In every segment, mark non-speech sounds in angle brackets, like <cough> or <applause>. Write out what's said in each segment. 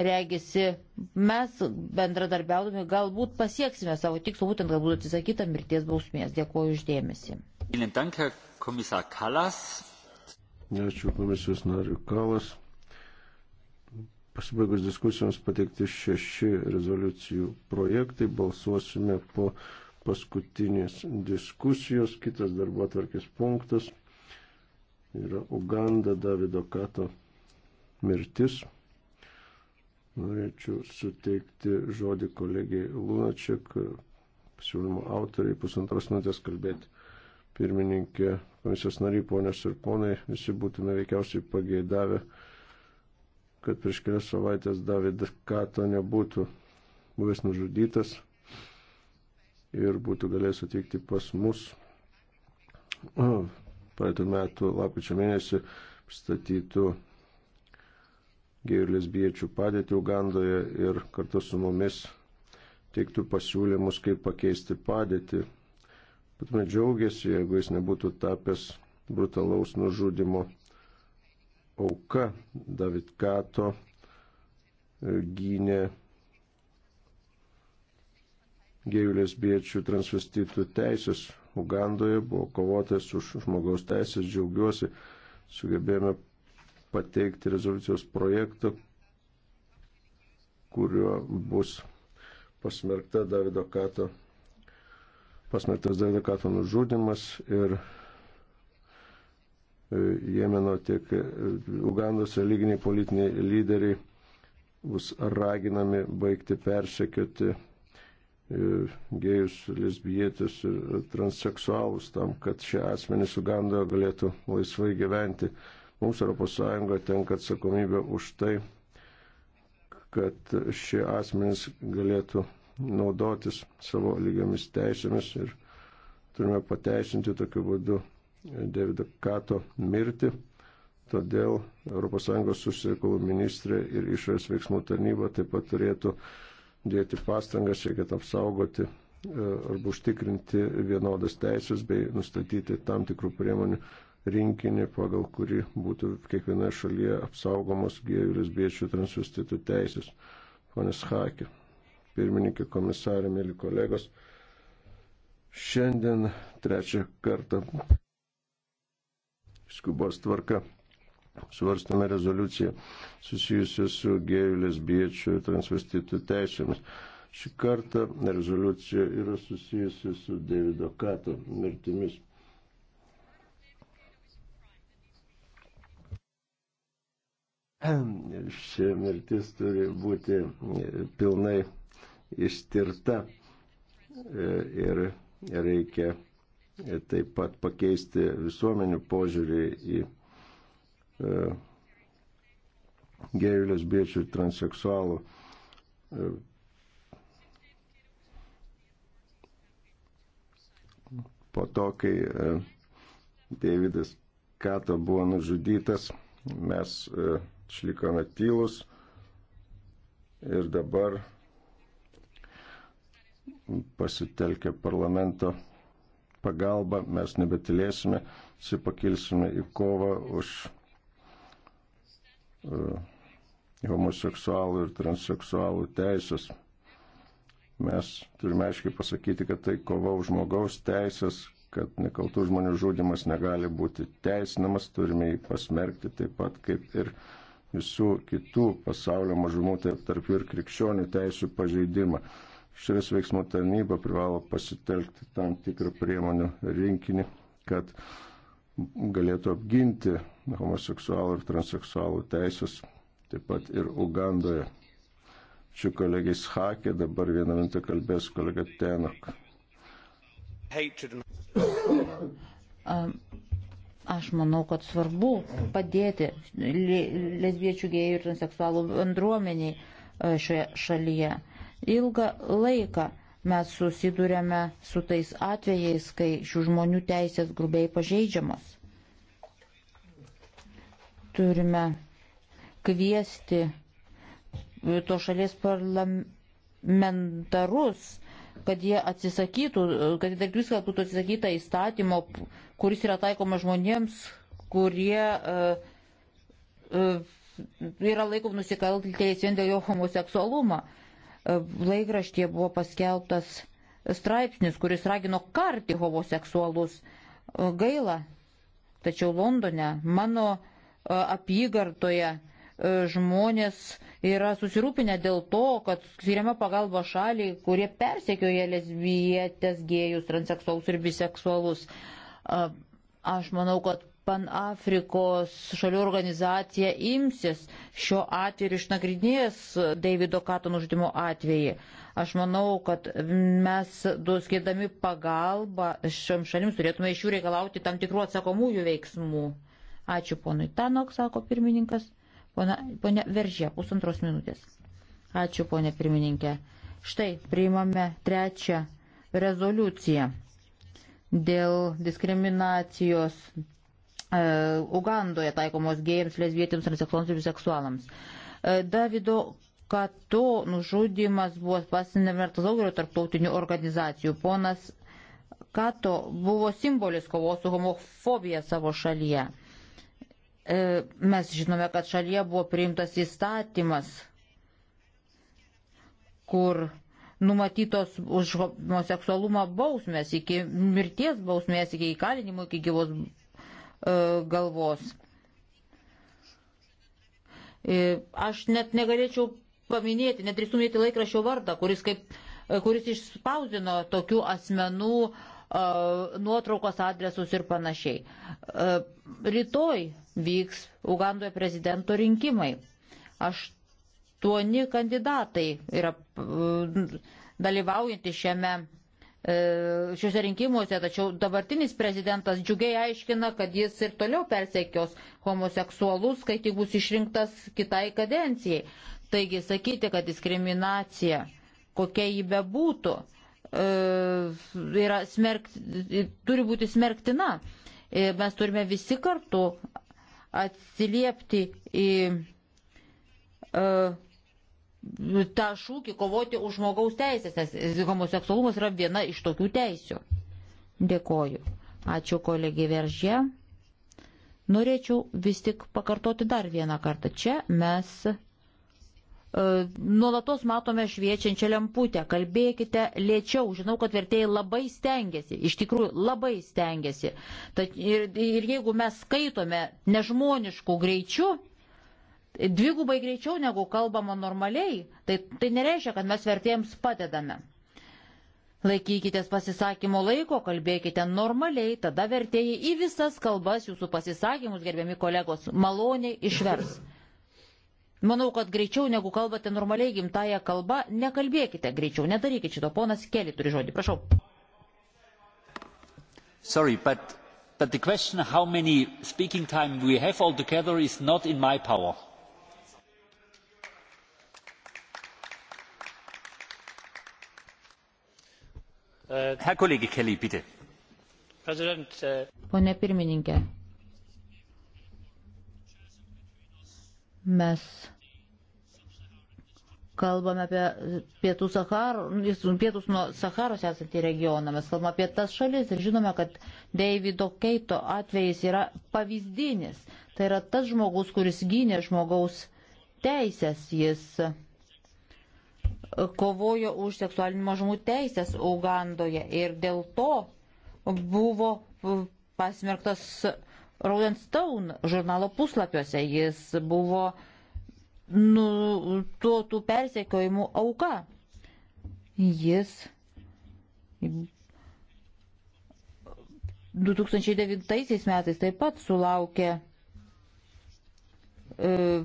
Regisi, mes bendradarbiaudami galbūt pasieksime savo tikslų, būtent galbūt atsisakyta mirties bausmės. Dėkuoju uždėmesi. Ačiū komisijos nariu Kalas. Pasibaigus diskusijoms pateikti šeši rezoliucijų projektai, balsuosime po paskutinės diskusijos. Kitas darbo atvarkės punktas yra Uganda Davido Kato mirtis. Norėčiau suteikti žodį kolegijai Lunačiak, siūlymo autoriai, pusantros minutės kalbėti. Pirmininkė, komisijos nariai, ponės ir ponai, visi būtume veikiausiai pageidavę, kad prieš kelias savaitės Davidas Kato nebūtų buvęs nužudytas ir būtų galėjęs atvykti pas mus. <clears throat> Praeitų metų lapkričio mėnesį statytų gėjų ir lesbiečių padėtį Ugandoje ir kartu su mumis teiktų pasiūlymus, kaip pakeisti padėtį. Bet man džiaugiasi, jeigu jis nebūtų tapęs brutalaus nužudimo auka. David Kato e, gynė gėjų lesbiečių transvestitų teisės Ugandoje, buvo kovotas už žmogaus teisės, džiaugiuosi, sugebėjome pateikti rezoliucijos projektą, kuriuo bus pasmerkta Davido Kato, pasmerktas Davido Kato nužudimas ir e, Jemeno tiek e, Ugandos religiniai politiniai lyderiai bus raginami baigti persekioti e, gėjus, lesbietis ir transseksualus tam, kad šie asmenys Ugandoje galėtų laisvai gyventi. Mums ES tenka atsakomybė už tai, kad šie asmenys galėtų naudotis savo lygiamis teisėmis ir turime pateisinti tokiu būdu Davido Kato mirtį. Todėl ES susireikalų ministrė ir išorės veiksmų tarnyba taip pat turėtų dėti pastangas, siekiant apsaugoti e, arba užtikrinti vienodas teisės bei nustatyti tam tikrų priemonių rinkinį, pagal kurį būtų kiekvienoje šalyje apsaugomos gėjų lesbiečių transvestitų teisės. Ponas Hakė, pirmininkė komisarė, mėly kolegos, šiandien trečią kartą skubos tvarka svarstame rezoliuciją susijusią su gėjų, lesbiečių ir transvestitų teisėmis. Šį kartą rezoliucija yra susijusi su Davido Kato mirtimis. <clears throat> Ši mirtis turi būti e, pilnai ištirta e, ir reikia e, taip pat pakeisti visuomenių požiūrį į gėjų, lesbiečių ir transeksualų po to, kai Davidas Kato buvo nužudytas, mes išlikome tylus ir dabar pasitelkę parlamento pagalbą mes nebetilėsime, sipakilsime į kovą už uh, homoseksualų ir transseksualų teisės. Mes turime aiškiai pasakyti, kad tai kova už žmogaus teisės, kad nekaltų žmonių žudimas negali būti teisinamas, turime jį pasmerkti taip pat kaip ir uh, visų kitų pasaulio mažumų, tai tarp, tarp ir krikščionių teisų pažeidimą. Šis veiksmų tarnyba privalo pasitelkti tam tikrą priemonių rinkinį, kad galėtų apginti homoseksualų ir transeksualų teisės, taip pat ir Ugandoje. Šių kolegiai Schakė, dabar vieną minutę kalbės kolega Tenok. Aš manau, kad svarbu padėti lesbiečių, gėjų ir transseksualų bendruomeniai e, šioje šalyje. Ilgą laiką mes susidurėme su tais atvejais, kai šių žmonių teisės grubiai pažeidžiamos. Turime kviesti to šalies parlamentarus kad jie atsisakytų, kad darbdavys būtų atsisakyta įstatymo, kuris yra taikoma žmonėms, kurie uh, uh, yra laikomi nusikaltėliais vien dėl jo homoseksualumą. Uh, e, laikraštie buvo paskelbtas straipsnis, kuris ragino karti homoseksualus. Uh, gaila, tačiau Londone, mano uh, apygardoje, uh, žmonės yra susirūpinę dėl to, kad skiriama pagalba šaliai, kurie persekioja lesbietės, gėjus, transeksualus ir biseksualus. Aš manau, kad Pan-Afrikos šalių organizacija imsis šio atveju išnagrinės Davido Katon uždimo atvejį. Aš manau, kad mes, duskėdami pagalbą šiom šalims, turėtume iš jų reikalauti tam tikrų atsakomųjų veiksmų. Ačiū ponui Tanok, sako pirmininkas. Pone Veržė, pusantros minutės. Ačiū, ponė pirmininkė. Štai priimame trečią rezoliuciją dėl diskriminacijos e, Ugandoje taikomos gėjams, lesbietėms, transeksualams ir biseksualams. E, Davido Kato nužudimas buvo pasinemertas daugelio tarptautinių organizacijų. Ponas Kato buvo simbolis kovos su homofobija savo šalyje. E, mes žinome, kad šalyje buvo priimtas įstatymas, kur numatytos už homoseksualumą bausmės, iki mirties bausmės, iki įkalinimo, iki gyvos e, galvos. E, aš net negalėčiau paminėti, nedrįstumėti laikraščio vardą, kuris, kaip, e, kuris išspausdino tokių asmenų nuotraukos adresus ir panašiai. Rytoj vyks Ugandoje prezidento rinkimai. Aštuoni kandidatai yra dalyvaujantys šiame e, šiuose rinkimuose, tačiau dabartinis prezidentas džiugiai aiškina, kad jis ir toliau persekios homoseksualus, kai tik bus išrinktas kitai kadencijai. Taigi sakyti, kad diskriminacija, kokia jį bebūtų, E, yra smerkt, turi būti smerktina. E, mes turime visi kartu atsiliepti į e, tą šūkį kovoti už žmogaus teisės, nes homoseksualumas yra viena iš tokių teisių. Dėkoju. Ačiū kolegė Veržė. Norėčiau vis tik pakartoti dar vieną kartą. Čia mes E, nuolatos matome šviečiančią lemputę, kalbėkite lėčiau, žinau, kad vertėjai labai stengiasi, iš tikrųjų labai stengiasi. Tad ir, ir jeigu mes skaitome nežmoniškų greičių, dvigubai greičiau negu kalbama normaliai, tai, tai nereiškia, kad mes vertėjams padedame. Laikykitės pasisakymo laiko, kalbėkite normaliai, tada vertėjai į visas kalbas jūsų pasisakymus, gerbiami kolegos, maloniai išvers. Manau, kad greičiau negu kalbate normaliai gimtają kalbą, nekalbėkite greičiau, nedarykite šito. Ponas Keli turi žodį, prašau. Sorry, but, but the question how many speaking time we have altogether is not in my power. Uh, herr kollege kelly bitte! Uh, pone pirmininke Mes kalbame apie pietų Saharo, pietus nuo Saharos esantį regioną, mes kalbame apie tas šalis ir žinome, kad Davido Keito atvejis yra pavyzdinis. Tai yra tas žmogus, kuris gynė žmogaus teisės, jis kovojo už seksualinių mažumų teisės Ugandoje ir dėl to buvo pasmerktas Rolling Stone žurnalo puslapiuose. Jis buvo nu, tuo tų persekiojimų auka. Jis 2009 metais taip pat sulaukė e,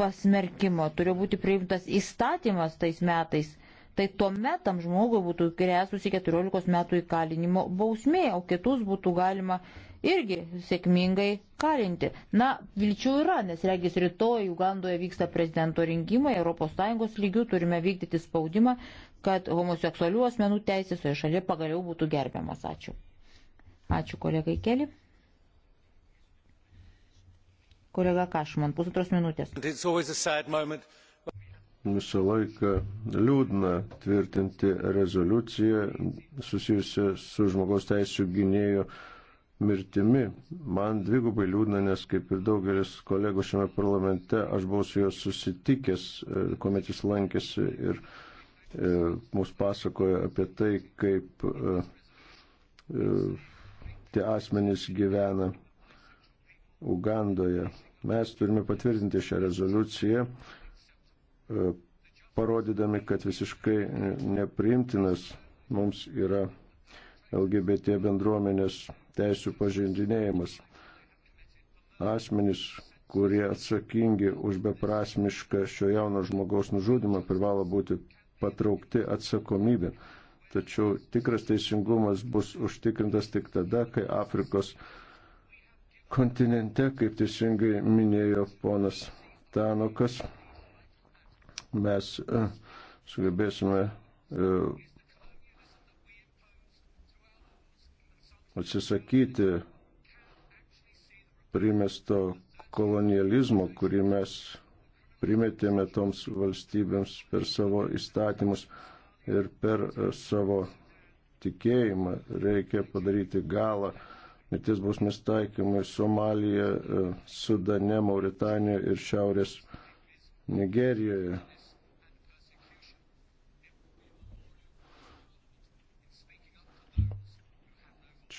pasmerkimo, turėjo būti priimtas įstatymas tais metais, tai tuo metam žmogui būtų grėsusi 14 metų įkalinimo bausmė, o kitus būtų galima irgi sėkmingai karinti. Na, vilčių yra, nes regis rytoj Ugandoje vyksta prezidento rinkimai, ES lygių turime vykdyti spaudimą, kad homoseksualių asmenų teisės toje šalyje pagaliau būtų gerbiamas. Ačiū. Ačiū kolegai Keli. Kolega Kašman, pusantros minutės. Visą laiką liūdna tvirtinti rezoliuciją susijusią su žmogaus teisų gynėjo mirtimi. Man dvigubai liūdna, nes kaip ir daugelis kolegų šiame parlamente, aš buvau su juo susitikęs, e, kuomet jis lankėsi ir e, mus pasakojo apie tai, kaip e, tie asmenys gyvena Ugandoje. Mes turime patvirtinti šią rezoliuciją, parodydami, kad visiškai nepriimtinas mums yra LGBT bendruomenės teisų pažeidinėjimas. Asmenys, kurie atsakingi už beprasmišką šio jauno žmogaus nužudimą, privalo būti patraukti atsakomybė. Tačiau tikras teisingumas bus užtikrintas tik tada, kai Afrikos kontinente, kaip teisingai minėjo ponas Tanokas, mes e, sugebėsime e, atsisakyti primesto kolonializmo, kurį mes primetėme toms valstybėms per savo įstatymus ir per e, savo tikėjimą. Reikia padaryti galą mirties bausmės taikymui Somalija, e, Sudane, Mauritanija ir Šiaurės Nigerijoje.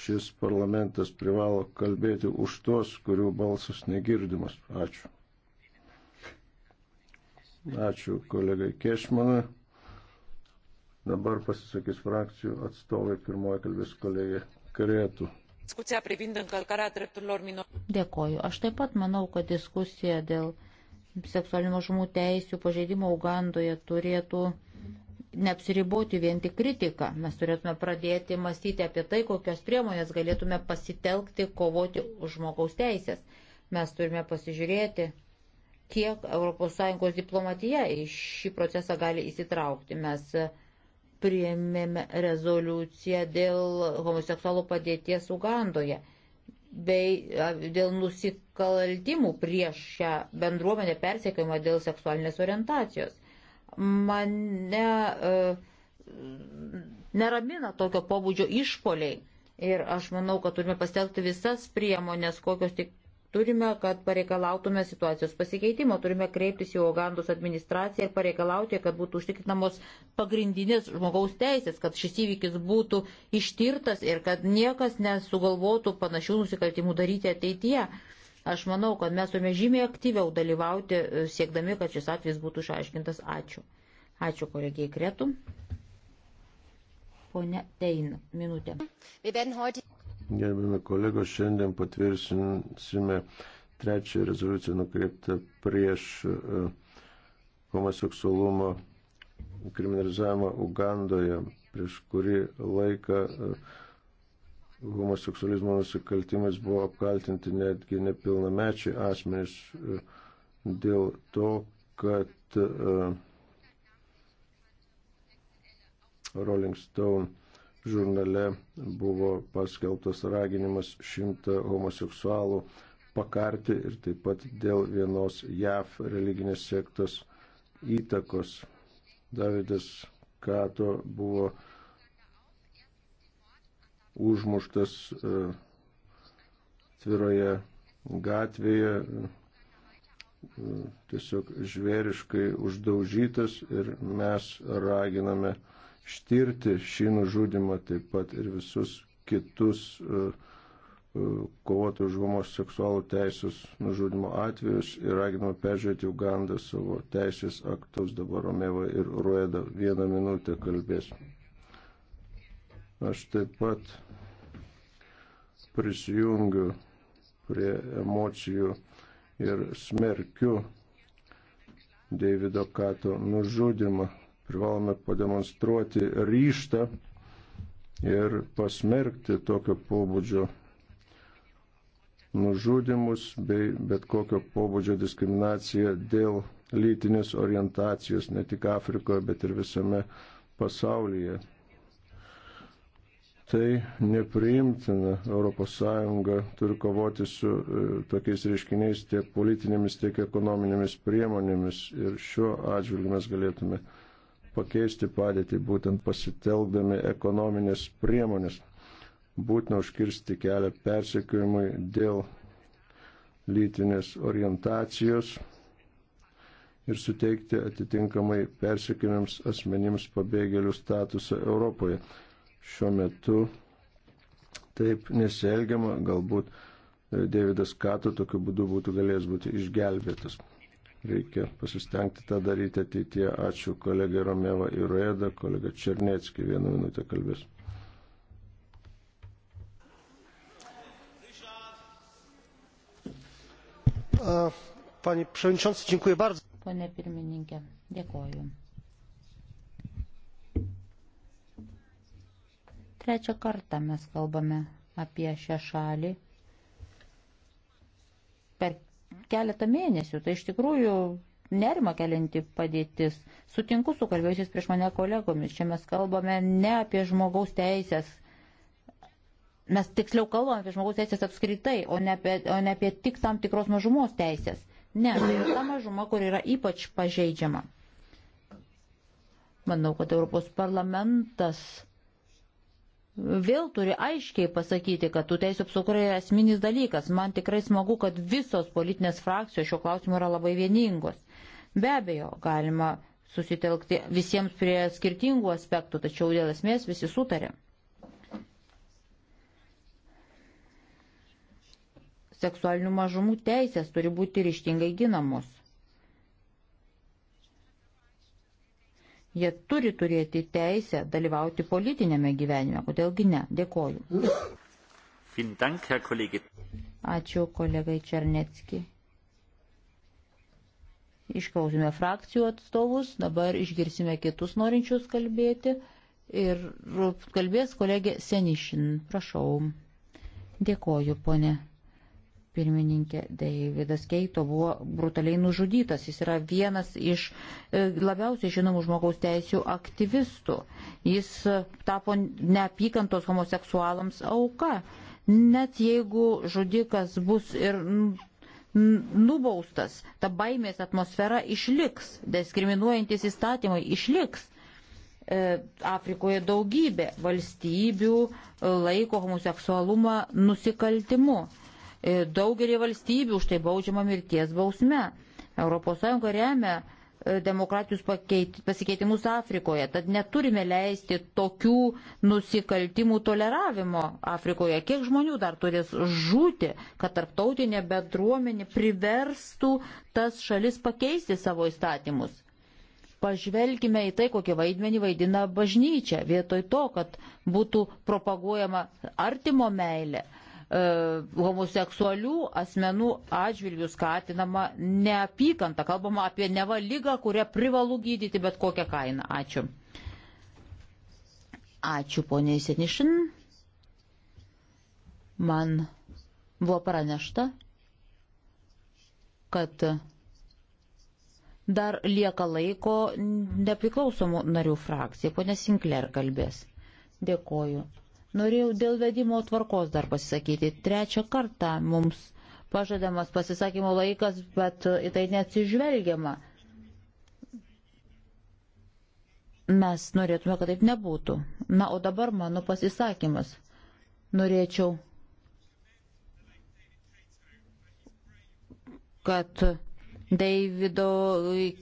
šis parlamentas privalo kalbėti už tuos, kurių balsas negirdimas. Ačiū. Ačiū kolegai Kešmanui. Dabar pasisakys frakcijų atstovai. Pirmoji kalbės kolegė Karėtų. Dėkoju. Aš taip pat manau, kad diskusija dėl seksualinio žmonių teisų pažeidimo Ugandoje turėtų neapsiriboti vien tik kritiką. Mes turėtume pradėti mąstyti apie tai, kokios priemonės galėtume pasitelkti kovoti už žmogaus teisės. Mes turime pasižiūrėti, kiek ES diplomatija į šį procesą gali įsitraukti. Mes priėmėme rezoliuciją dėl homoseksualų padėties Ugandoje bei dėl nusikaltimų prieš šią bendruomenę persekiojimą dėl seksualinės orientacijos mane e, neramina tokio pobūdžio išpoliai. Ir aš manau, kad turime pasitelkti visas priemonės, kokios tik turime, kad pareikalautume situacijos pasikeitimo. Turime kreiptis į Ugandos administraciją ir pareikalauti, kad būtų užtikrinamos pagrindinės žmogaus teisės, kad šis įvykis būtų ištirtas ir kad niekas nesugalvotų panašių nusikaltimų daryti ateityje. Aš manau, kad mes turime žymiai aktyviau dalyvauti, e, siekdami, kad šis atvejis būtų išaiškintas. Ačiū. Ačiū kolegijai Kretų. Pone Tein, minutė. Gerbime kolegos, šiandien patvirtinsime trečią rezoliuciją nukreiptą prieš e, homoseksualumo kriminalizavimą Ugandoje, prieš kurį laiką uh, homoseksualizmo nusikaltimais buvo apkaltinti netgi nepilnamečiai asmenys e, dėl to, kad e, Rolling Stone žurnale buvo paskelbtas raginimas šimtą homoseksualų pakarti ir taip pat dėl vienos JAV religinės sektos įtakos. Davidas Kato buvo užmuštas e, tviroje gatvėje, e, tiesiog žvėriškai uždaužytas ir mes raginame štirti šį nužudimą taip pat ir visus kitus e, kovotojų už homoseksualų teisės nužudimo atvejus ir raginama peržiūrėti Ugandą savo teisės aktus. Dabar Romeva ir Rueda vieną minutę kalbės. Aš taip pat prisijungiu prie emocijų ir smerkiu Davido Kato nužudimą. Privalome pademonstruoti ryštą ir pasmerkti tokio pobūdžio nužudimus bei bet kokio pobūdžio diskriminaciją dėl lytinės orientacijos ne tik Afrikoje, bet ir visame pasaulyje. Tai nepriimtina. ES turi kovoti su e, tokiais reiškiniais tiek politinėmis, tiek ekonominėmis priemonėmis. Ir šiuo atžvilgiu mes galėtume pakeisti padėtį, būtent pasitelkdami ekonominės priemonės. Būtina užkirsti kelią persekiojimui dėl lytinės orientacijos ir suteikti atitinkamai persekiojams asmenims pabėgėlių statusą Europoje šiuo metu taip nesielgiama, galbūt e, Davidas Kato tokiu būdu būtų galėjęs būti išgelbėtas. Reikia pasistengti tą daryti ateitie. Ačiū kolegai Romeva Iroeda, kolega Černecki vieną minutę kalbės. Panie Przewodniczący, dziękuję bardzo. Panie Pirmininkė, dėkoju. Trečią kartą mes kalbame apie šią šalį per keletą mėnesių. Tai iš tikrųjų nerima kelinti padėtis. Sutinku su kalbėjusiais prieš mane kolegomis. Čia mes kalbame ne apie žmogaus teisės. Mes tiksliau kalbame apie žmogaus teisės apskritai, o ne apie, o ne apie tik tam tikros mažumos teisės. Ne, tai yra ta mažuma, kur yra ypač pažeidžiama. Manau, kad Europos parlamentas vėl turi aiškiai pasakyti, kad tų teisų apsauga yra esminis dalykas. Man tikrai smagu, kad visos politinės frakcijos šio klausimu yra labai vieningos. Be abejo, galima susitelkti visiems prie skirtingų aspektų, tačiau dėl esmės visi sutarė. Seksualinių mažumų teisės turi būti ryštingai ginamos. Jie turi turėti teisę dalyvauti politinėme gyvenime. Kodėlgi ne? Dėkoju. Ačiū kolegai Černecki. Išklausime frakcijų atstovus, dabar išgirsime kitus norinčius kalbėti. Ir kalbės kolegė Senišin. Prašau. Dėkoju, ponė pirmininkė Davidas Keito buvo brutaliai nužudytas. Jis yra vienas iš e, labiausiai žinomų žmogaus teisų aktyvistų. Jis e, tapo neapykantos homoseksualams auka. Net jeigu žudikas bus ir nubaustas, ta baimės atmosfera išliks, diskriminuojantis įstatymai išliks. E, Afrikoje daugybė valstybių laiko homoseksualumą nusikaltimu E, daugelį valstybių už tai baudžiama mirties bausme. ES remia e, demokratijos pasikeitimus Afrikoje, tad neturime leisti tokių nusikaltimų toleravimo Afrikoje. Kiek žmonių dar turės žūti, kad tarptautinė bendruomenė priverstų tas šalis pakeisti savo įstatymus? pažvelkime į tai, kokį vaidmenį vaidina bažnyčia, vietoj to, kad būtų propaguojama artimo meilė, E, homoseksualių asmenų atžvilgių skatinama neapykanta. Kalbama apie neva lygą, kurią privalu gydyti bet kokią kainą. Ačiū. Ačiū, poniai Senišin. Man buvo pranešta, kad dar lieka laiko nepriklausomų narių frakcija. Pone Sinclair kalbės. Dėkoju. Norėjau dėl vedimo tvarkos dar pasisakyti. Trečią kartą mums pažadamas pasisakymo laikas, bet į tai neatsižvelgiama. Mes norėtume, kad taip nebūtų. Na, o dabar mano pasisakymas. Norėčiau, kad Davido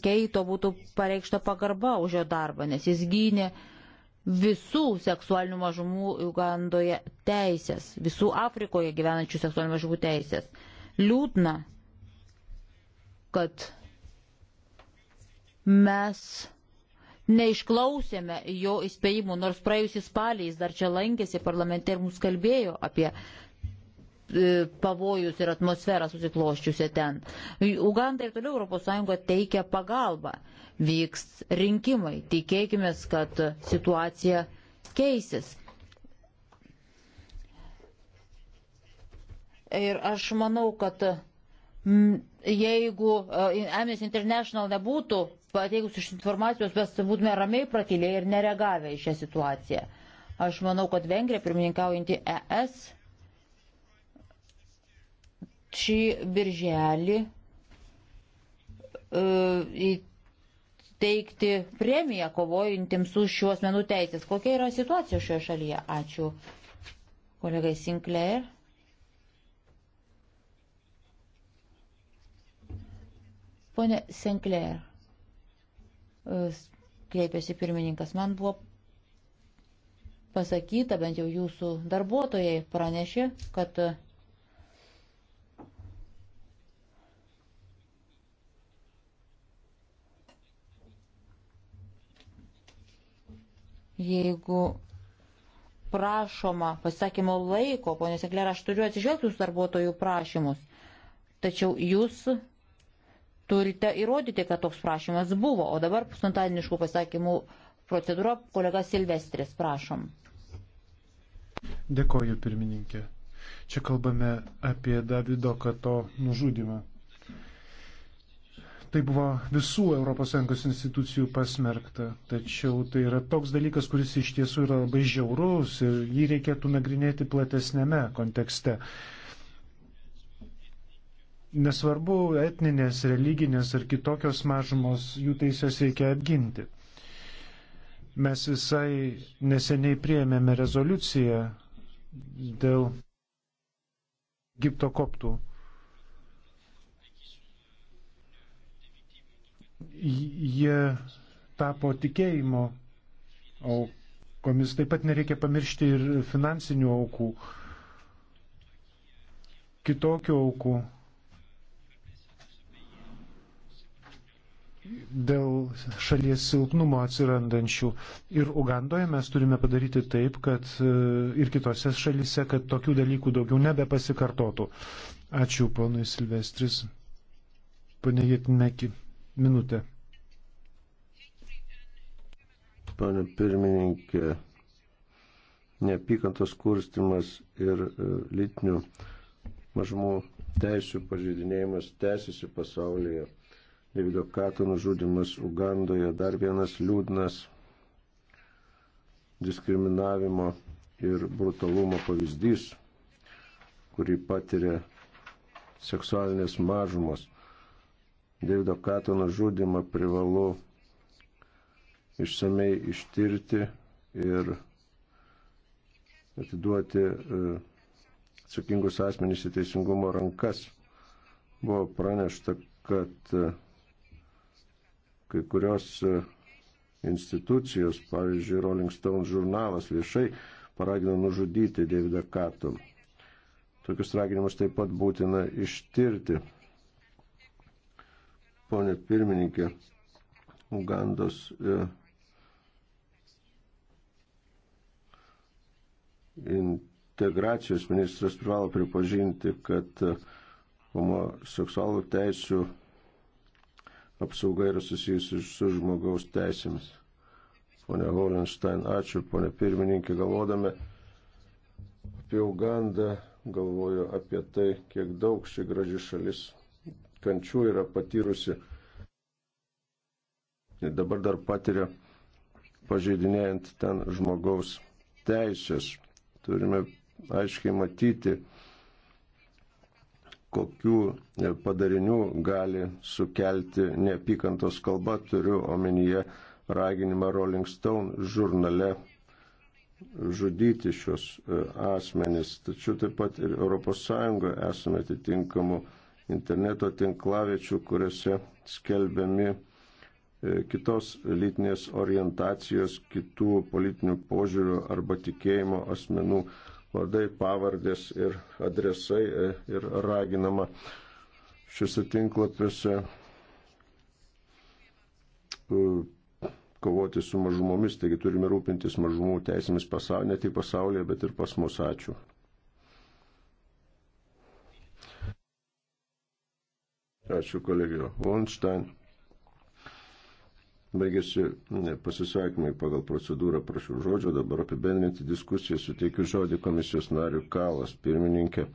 Keito būtų pareikšta pagarba už jo darbą, nes jis gynė uh, visų seksualinių mažumų Ugandoje teisės, visų Afrikoje gyvenančių seksualinių mažumų teisės. Liūdna, kad mes neišklausėme jo įspėjimų, nors praėjusį spalį jis dar čia lankėsi parlamente ir mums kalbėjo apie e, pavojus ir atmosferą susikloščiusią ten. Uganda ir toliau ES teikia pagalbą vyks rinkimai. Tikėkime, kad situacija keisis. Ir aš manau, kad mm, jeigu e, Amnesty International nebūtų pateikus iš informacijos, mes būtume ramiai pratylėję ir neregavę į šią situaciją. Aš manau, kad Vengrija, pirmininkaujantį ES, šį birželį e, į teikti premiją kovojantiems už šių asmenų teisės. Kokia yra situacija šioje šalyje? Ačiū kolegai Sinclair. Pone Sinclair, kreipėsi pirmininkas, man buvo pasakyta, bent jau jūsų darbuotojai pranešė, kad jeigu prašoma pasakymo laiko, ponė Seklera, aš turiu atsižvelgti jūsų darbuotojų prašymus, tačiau jūs turite įrodyti, kad toks prašymas buvo, o dabar spontaniškų pasakymų procedūra, kolega Silvestris, prašom. Dėkoju, pirmininkė. Čia kalbame apie Davido Kato nužudimą. Tai buvo visų ES institucijų pasmerkta. Tačiau tai yra toks dalykas, kuris iš tiesų yra labai žiaurus ir jį reikėtų nagrinėti platesnėme kontekste. Nesvarbu etninės, religinės ar kitokios mažumos, jų teisės reikia apginti. Mes visai neseniai prieėmėme rezoliuciją dėl Egipto koptų jie tapo tikėjimo aukomis. Taip pat nereikia pamiršti ir finansinių aukų, kitokių aukų. Dėl šalies silpnumo atsirandančių. Ir Ugandoje mes turime padaryti taip, kad e, ir kitose šalise, kad tokių dalykų daugiau nebepasikartotų. Ačiū ponui Silvestris. Pane Jėtinmeki minutė. Pane pirmininkė, neapykantos kurstimas ir e, lytinių mažumų teisų pažeidinėjimas tęsiasi pasaulyje. Davido Kato nužudimas Ugandoje, dar vienas liūdnas diskriminavimo ir brutalumo pavyzdys, kurį patiria seksualinės mažumos. Davido Kato nužudimą privalu išsamei ištirti ir atiduoti e, atsakingus asmenys į teisingumo rankas. Buvo pranešta, kad e, kai kurios e, institucijos, pavyzdžiui, Rolling Stone žurnalas viešai paragino nužudyti Davidą Kato. Tokius raginimus taip pat būtina ištirti ponė pirmininkė, Ugandos e, integracijos ministras privalo pripažinti, kad e, homoseksualų teisų apsauga yra susijusi su žmogaus teisėmis. Pone Holenstein, ačiū, pone pirmininkė, galvodami apie Ugandą, galvoju apie tai, kiek daug ši graži šalis kančių yra patyrusi ir dabar dar patiria pažeidinėjant ten žmogaus teisės. Turime aiškiai matyti, kokių padarinių gali sukelti neapykantos kalba, turiu omenyje raginimą Rolling Stone žurnale žudyti šios e, asmenys. Tačiau taip pat ir ES esame atitinkamų interneto tinklavečių, kuriuose skelbiami e, kitos lytinės orientacijos, kitų politinių požiūrių arba tikėjimo asmenų vadai, pavardės ir adresai e, ir raginama šiuose tinklapiuose e, kovoti su mažumomis, taigi turime rūpintis mažumų teisėmis pasaulyje, ne tik pasaulyje, bet ir pas mus. Ačiū. Ačiū kolegijo Wonstein. Baigėsi pasisakymai pagal procedūrą, prašau žodžio, dabar apibendrinti diskusiją, suteikiu žodį komisijos nariu Kalas, pirmininkė.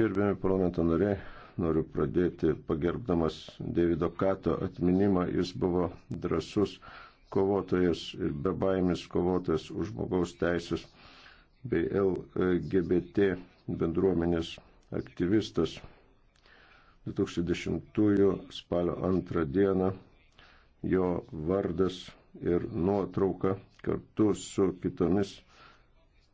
Gerbėmi parlamento nariai, noriu pradėti pagerbdamas Davido Kato atminimą, jis buvo drasus kovotojas ir bebaimis kovotojas už žmogaus teisės bei LGBT bendruomenės aktyvistas. 2010 spalio 2 dieną jo vardas ir nuotrauka kartu su kitomis,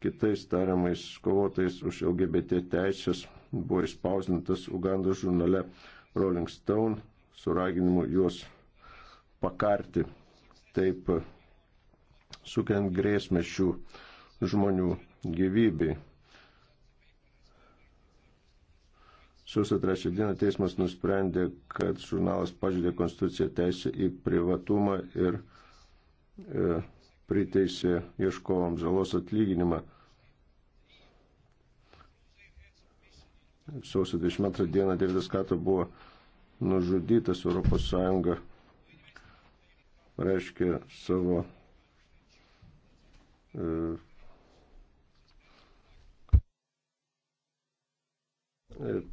kitais tariamais kovotais už LGBT teisės buvo išspausdintas Ugandos žurnale Rolling Stone su raginimu juos pakarti, taip sukent grėsmę šių žmonių gyvybei. Sausio trečią dieną teismas nusprendė, kad žurnalas pažydė konstituciją teisę į privatumą ir e, priteisė ieškovams žalos atlyginimą. Sausio 22 dieną Davidas Kato buvo nužudytas Europos Sąjunga, reiškia savo e,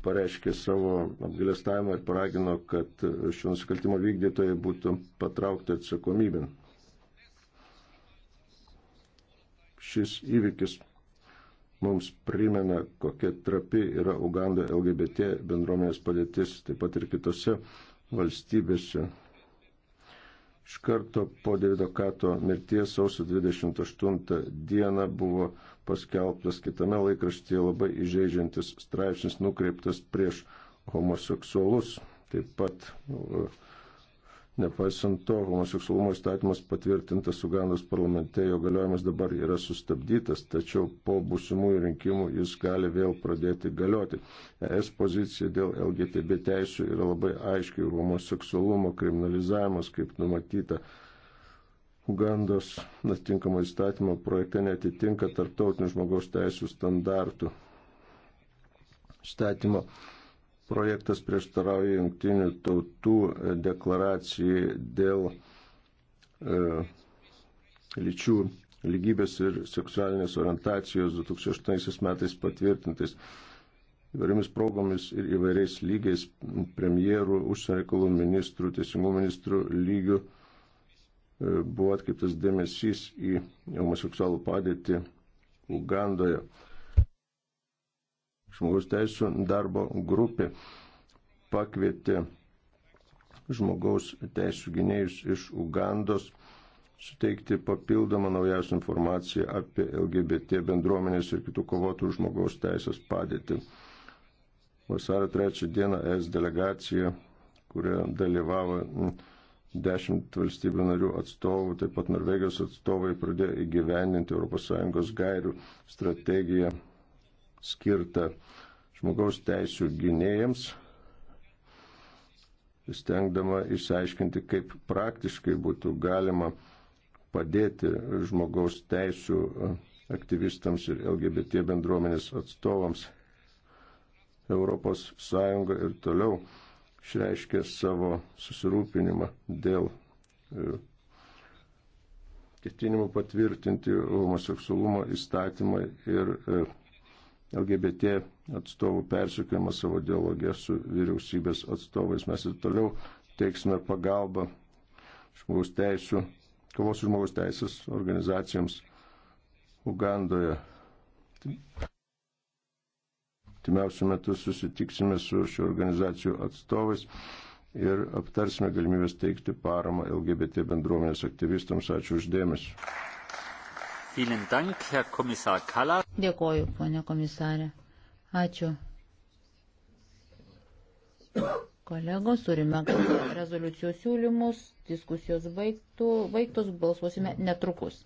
pareiškė savo apgalėstavimą ir paragino, kad šio nusikaltimo vykdytojai būtų patraukti atsakomybin. Šis įvykis mums primena, kokia trapi yra Uganda LGBT bendruomenės padėtis, taip pat ir kitose valstybėse. Iš karto po Davido Kato mirties sausio 28 dieną buvo paskelbtas kitame laikraštyje labai įžeidžiantis straipsnis nukreiptas prieš homoseksualus. Taip pat, nu, nepaisant to, homoseksualumo įstatymas patvirtintas Ugandos parlamente, jo galiojimas dabar yra sustabdytas, tačiau po būsimųjų rinkimų jis gali vėl pradėti galioti. ES pozicija dėl LGTB teisų yra labai aiškiai homoseksualumo kriminalizavimas, kaip numatyta Ugandos atitinkamo įstatymo projekte netitinka tarptautinių žmogaus teisų standartų. Statymo projektas prieštarauja jungtinių tautų e, deklaracijai dėl e, lyčių lygybės ir seksualinės orientacijos 2008 metais patvirtintais įvairiomis progomis ir įvairiais lygiais premjerų, užsienio reikalų ministrų, teisingumo ministrų lygių E, buvo atkreiptas dėmesys į homoseksualų padėtį Ugandoje. Žmogaus teisų darbo grupė pakvietė žmogaus teisų gynėjus iš Ugandos suteikti papildomą naujausią informaciją apie LGBT bendruomenės ir kitų kovotų žmogaus teisės padėtį. Vasario 3 dieną S delegacija, kurioje dalyvavo dešimt valstybių narių atstovų, taip pat Norvegijos atstovai pradėjo įgyveninti ES gairių strategiją skirtą žmogaus teisų gynėjams, stengdama išsiaiškinti, kaip praktiškai būtų galima padėti žmogaus teisų aktyvistams ir LGBT bendruomenės atstovams. Europos Sąjunga ir toliau išreiškė savo susirūpinimą dėl e, ketinimų patvirtinti homoseksualumo įstatymą ir e, LGBT atstovų persikėjimą savo dialogę su vyriausybės atstovais. Mes ir toliau teiksime pagalbą žmogaus teisų, kovos žmogaus teisės organizacijoms Ugandoje timiausių metų susitiksime su šių organizacijų atstovais ir aptarsime galimybės teikti paramą LGBT bendruomenės aktyvistams. Ačiū uždėmesi. Dėkoju, ponė komisarė. Ačiū. Kolegos, turime rezoliucijos siūlymus, diskusijos baigtų, baigtus, balsuosime netrukus.